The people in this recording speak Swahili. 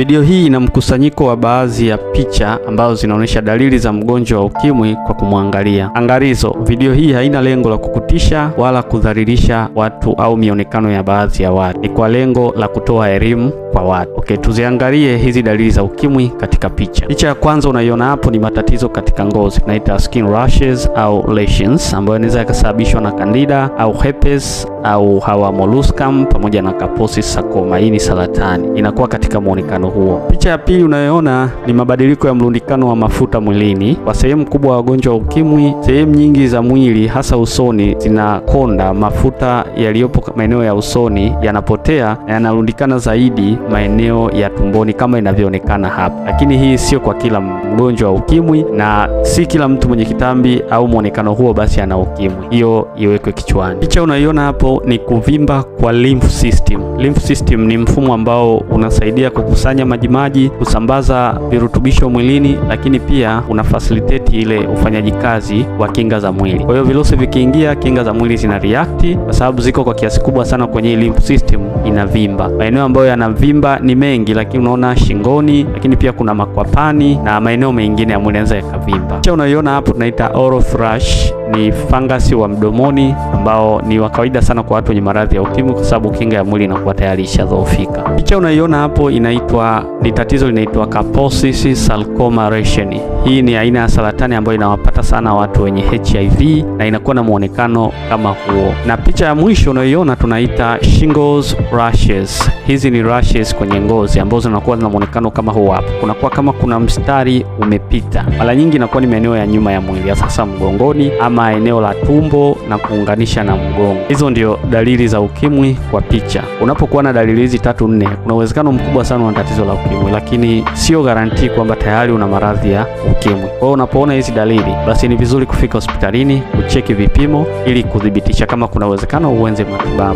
Video hii ina mkusanyiko wa baadhi ya picha ambazo zinaonyesha dalili za mgonjwa wa ukimwi kwa kumwangalia. Angalizo, video hii haina lengo la kukutisha wala kudhalilisha watu au mionekano ya baadhi ya watu. Ni kwa lengo la kutoa elimu kwa watu. Okay, tuziangalie hizi dalili za ukimwi katika picha. Picha ya kwanza unaiona hapo ni matatizo katika ngozi, tunaita skin rashes au lesions, ambayo inaweza ikasababishwa na Candida au herpes au hawa molluscum pamoja na kaposi sarcoma. Hii ni saratani, inakuwa katika muonekano huo. Picha ya pili unayoona ni mabadiliko ya mlundikano wa mafuta mwilini. Kwa sehemu kubwa ya wagonjwa wa ukimwi, sehemu nyingi za mwili hasa usoni zinakonda. Mafuta yaliyopo maeneo ya usoni yanapotea na yanarundikana zaidi maeneo ya tumboni kama inavyoonekana hapa, lakini hii sio kwa kila mgonjwa wa ukimwi na si kila mtu mwenye kitambi au muonekano huo basi ana ukimwi. Hiyo iwekwe kichwani. Picha unaiona hapo ni kuvimba kwa lymph system. Lymph system ni mfumo ambao unasaidia kukusanya majimaji, kusambaza virutubisho mwilini, lakini pia una facilitate ile ufanyaji kazi wa kinga za mwili. Kwa hiyo virusi vikiingia, kinga za mwili zina react kwa sababu ziko kwa kiasi kubwa sana kwenye lymph system, inavimba. Maeneo ambayo yanavimba ni mengi, lakini unaona shingoni, lakini pia kuna makwapani na maeneo mengine ya mwili yanaweza yakavimba. Kisha unaiona hapo tunaita oral thrush, ni fangasi wa mdomoni ambao ni wa kawaida sana sana kwa watu wenye maradhi ya ukimwi, kwa sababu kinga ya mwili inakuwa tayari ishadhoofika. Picha unaiona hapo inaitwa ni tatizo linaitwa Kaposi's sarcoma lesion. Hii ni aina ya saratani ambayo inawapata sana watu wenye HIV na inakuwa na muonekano kama huo, na picha ya mwisho unayoiona tunaita shingles rashes. Hizi ni rashes kwenye ngozi ambazo zinakuwa na muonekano kama huo hapo, kunakuwa kama kuna mstari umepita. Mara nyingi inakuwa ni maeneo ya nyuma ya mwili, hasa mgongoni ama eneo la tumbo na kuunganisha na mgongo. Hizo ndio dalili za ukimwi kwa picha. Unapokuwa na dalili hizi tatu nne, kuna uwezekano mkubwa sana una tatizo la ukimwi, lakini sio garantii kwamba tayari una maradhi ya ukimwi. Kwa hiyo unapoona hizi dalili, basi ni vizuri kufika hospitalini kucheki vipimo ili kudhibitisha kama kuna uwezekano uenze matibabu.